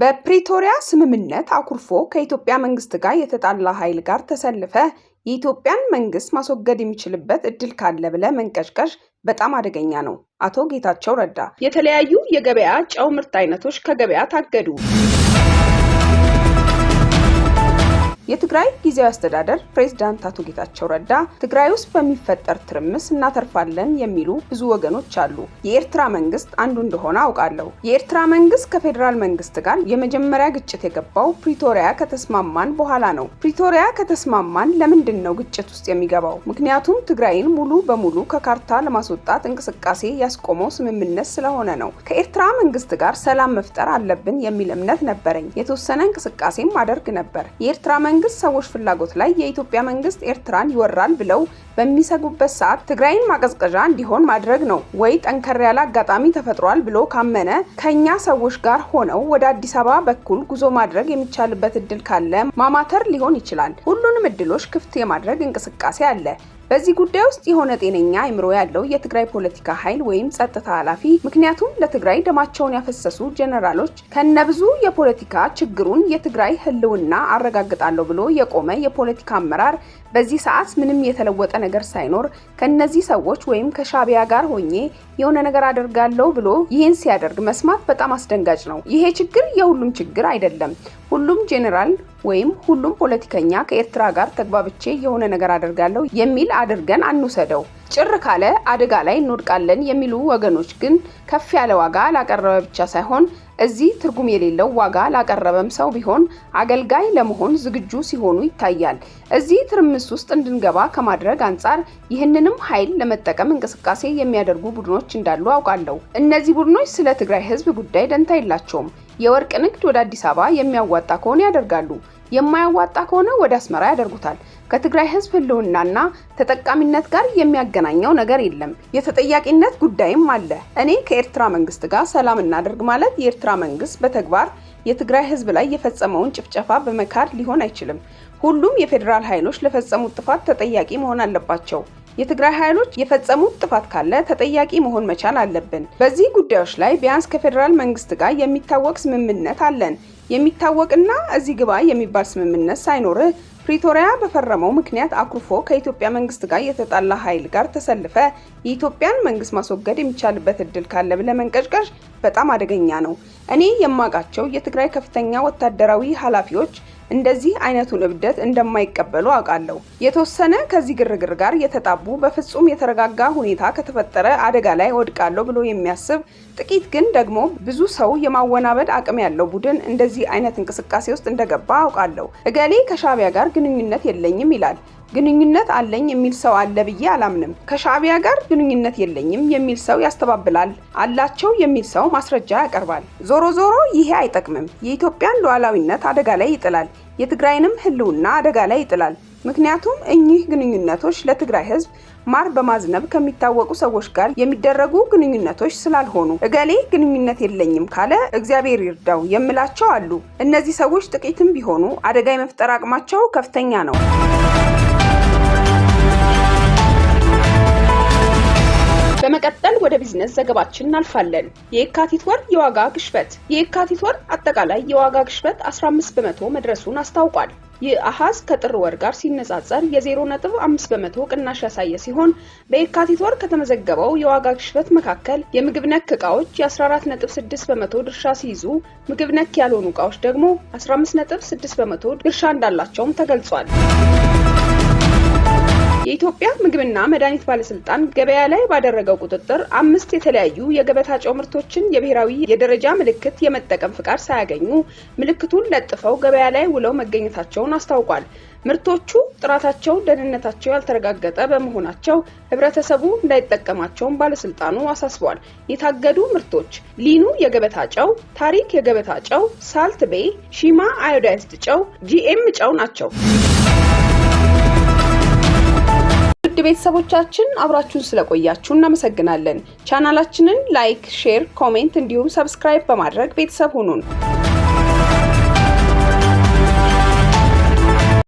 በፕሪቶሪያ ስምምነት አኩርፎ ከኢትዮጵያ መንግስት ጋር የተጣላ ኃይል ጋር ተሰልፈ የኢትዮጵያን መንግስት ማስወገድ የሚችልበት እድል ካለ ብለ መንቀዥቀዥ በጣም አደገኛ ነው። አቶ ጌታቸው ረዳ የተለያዩ የገበያ ጨው ምርት አይነቶች ከገበያ ታገዱ። የትግራይ ጊዜያዊ አስተዳደር ፕሬዝዳንት አቶ ጌታቸው ረዳ ትግራይ ውስጥ በሚፈጠር ትርምስ እናተርፋለን የሚሉ ብዙ ወገኖች አሉ። የኤርትራ መንግስት አንዱ እንደሆነ አውቃለሁ። የኤርትራ መንግስት ከፌዴራል መንግስት ጋር የመጀመሪያ ግጭት የገባው ፕሪቶሪያ ከተስማማን በኋላ ነው። ፕሪቶሪያ ከተስማማን ለምንድን ነው ግጭት ውስጥ የሚገባው? ምክንያቱም ትግራይን ሙሉ በሙሉ ከካርታ ለማስወጣት እንቅስቃሴ ያስቆመው ስምምነት ስለሆነ ነው። ከኤርትራ መንግስት ጋር ሰላም መፍጠር አለብን የሚል እምነት ነበረኝ። የተወሰነ እንቅስቃሴም አደርግ ነበር። የኤርትራ መንግስት ሰዎች ፍላጎት ላይ የኢትዮጵያ መንግስት ኤርትራን ይወራል ብለው በሚሰጉበት ሰዓት ትግራይን ማቀዝቀዣ እንዲሆን ማድረግ ነው ወይ ጠንከር ያለ አጋጣሚ ተፈጥሯል ብሎ ካመነ ከኛ ሰዎች ጋር ሆነው ወደ አዲስ አበባ በኩል ጉዞ ማድረግ የሚቻልበት እድል ካለ ማማተር ሊሆን ይችላል። ሁሉንም እድሎች ክፍት የማድረግ እንቅስቃሴ አለ። በዚህ ጉዳይ ውስጥ የሆነ ጤነኛ አይምሮ ያለው የትግራይ ፖለቲካ ኃይል ወይም ጸጥታ ኃላፊ ምክንያቱም ለትግራይ ደማቸውን ያፈሰሱ ጀነራሎች ከነብዙ የፖለቲካ ችግሩን የትግራይ ህልውና አረጋግጣለሁ ብሎ የቆመ የፖለቲካ አመራር በዚህ ሰዓት ምንም የተለወጠ ነገር ሳይኖር ከነዚህ ሰዎች ወይም ከሻቢያ ጋር ሆኜ የሆነ ነገር አደርጋለሁ ብሎ ይህን ሲያደርግ መስማት በጣም አስደንጋጭ ነው። ይሄ ችግር የሁሉም ችግር አይደለም። ሁሉም ጄኔራል ወይም ሁሉም ፖለቲከኛ ከኤርትራ ጋር ተግባብቼ የሆነ ነገር አደርጋለሁ የሚል አድርገን አንውሰደው። ጭር ካለ አደጋ ላይ እንወድቃለን የሚሉ ወገኖች ግን ከፍ ያለ ዋጋ ላቀረበ ብቻ ሳይሆን እዚህ ትርጉም የሌለው ዋጋ ላቀረበም ሰው ቢሆን አገልጋይ ለመሆን ዝግጁ ሲሆኑ ይታያል። እዚህ ትርምስ ውስጥ እንድንገባ ከማድረግ አንጻር ይህንንም ኃይል ለመጠቀም እንቅስቃሴ የሚያደርጉ ቡድኖች እንዳሉ አውቃለሁ። እነዚህ ቡድኖች ስለ ትግራይ ሕዝብ ጉዳይ ደንታ የላቸውም። የወርቅ ንግድ ወደ አዲስ አበባ የሚያዋጣ ከሆነ ያደርጋሉ። የማያዋጣ ከሆነ ወደ አስመራ ያደርጉታል። ከትግራይ ህዝብ ህልውናና ተጠቃሚነት ጋር የሚያገናኘው ነገር የለም። የተጠያቂነት ጉዳይም አለ። እኔ ከኤርትራ መንግስት ጋር ሰላም እናደርግ ማለት የኤርትራ መንግስት በተግባር የትግራይ ህዝብ ላይ የፈጸመውን ጭፍጨፋ በመካድ ሊሆን አይችልም። ሁሉም የፌዴራል ኃይሎች ለፈጸሙት ጥፋት ተጠያቂ መሆን አለባቸው። የትግራይ ኃይሎች የፈጸሙት ጥፋት ካለ ተጠያቂ መሆን መቻል አለብን። በዚህ ጉዳዮች ላይ ቢያንስ ከፌዴራል መንግስት ጋር የሚታወቅ ስምምነት አለን። የሚታወቅና እዚህ ግባ የሚባል ስምምነት ሳይኖርህ ፕሪቶሪያ በፈረመው ምክንያት አኩርፎ ከኢትዮጵያ መንግስት ጋር የተጣላ ኃይል ጋር ተሰልፈ የኢትዮጵያን መንግስት ማስወገድ የሚቻልበት እድል ካለ ብለ መንቀጭቀሽ በጣም አደገኛ ነው። እኔ የማውቃቸው የትግራይ ከፍተኛ ወታደራዊ ኃላፊዎች እንደዚህ አይነቱን እብደት እንደማይቀበሉ አውቃለሁ። የተወሰነ ከዚህ ግርግር ጋር የተጣቡ በፍጹም የተረጋጋ ሁኔታ ከተፈጠረ አደጋ ላይ ወድቃለሁ ብሎ የሚያስብ ጥቂት ግን ደግሞ ብዙ ሰው የማወናበድ አቅም ያለው ቡድን እንደዚህ አይነት እንቅስቃሴ ውስጥ እንደገባ አውቃለሁ። እገሌ ከሻቢያ ጋር ግንኙነት የለኝም ይላል። ግንኙነት አለኝ የሚል ሰው አለ ብዬ አላምንም። ከሻዕቢያ ጋር ግንኙነት የለኝም የሚል ሰው ያስተባብላል። አላቸው የሚል ሰው ማስረጃ ያቀርባል። ዞሮ ዞሮ ይሄ አይጠቅምም። የኢትዮጵያን ሉዓላዊነት አደጋ ላይ ይጥላል። የትግራይንም ሕልውና አደጋ ላይ ይጥላል። ምክንያቱም እኚህ ግንኙነቶች ለትግራይ ህዝብ ማር በማዝነብ ከሚታወቁ ሰዎች ጋር የሚደረጉ ግንኙነቶች ስላልሆኑ እገሌ ግንኙነት የለኝም ካለ እግዚአብሔር ይርዳው የምላቸው አሉ። እነዚህ ሰዎች ጥቂትም ቢሆኑ አደጋ የመፍጠር አቅማቸው ከፍተኛ ነው። ቢዝነስ ዘገባችን እናልፋለን። የካቲት ወር የዋጋ ግሽበት። የካቲት ወር አጠቃላይ የዋጋ ግሽበት 15 በመቶ መድረሱን አስታውቋል። ይህ አሃዝ ከጥር ወር ጋር ሲነጻጸር የ0.5 በመቶ ቅናሽ ያሳየ ሲሆን በየካቲት ወር ከተመዘገበው የዋጋ ግሽበት መካከል የምግብ ነክ እቃዎች የ14.6 በመቶ ድርሻ ሲይዙ ምግብ ነክ ያልሆኑ እቃዎች ደግሞ 15.6 በመቶ ድርሻ እንዳላቸውም ተገልጿል። የኢትዮጵያ ምግብና መድኃኒት ባለስልጣን ገበያ ላይ ባደረገው ቁጥጥር አምስት የተለያዩ የገበታ ጨው ምርቶችን የብሔራዊ የደረጃ ምልክት የመጠቀም ፍቃድ ሳያገኙ ምልክቱን ለጥፈው ገበያ ላይ ውለው መገኘታቸውን አስታውቋል። ምርቶቹ ጥራታቸው፣ ደህንነታቸው ያልተረጋገጠ በመሆናቸው ህብረተሰቡ እንዳይጠቀማቸውን ባለስልጣኑ አሳስቧል። የታገዱ ምርቶች ሊኑ የገበታ ጨው፣ ታሪክ የገበታ ጨው፣ ሳልት ቤ፣ ሺማ አዮዳይዝድ ጨው፣ ጂኤም ጨው ናቸው። ውድ ቤተሰቦቻችን አብራችሁን ስለቆያችሁ እናመሰግናለን። ቻናላችንን ላይክ፣ ሼር፣ ኮሜንት እንዲሁም ሰብስክራይብ በማድረግ ቤተሰብ ሁኑን።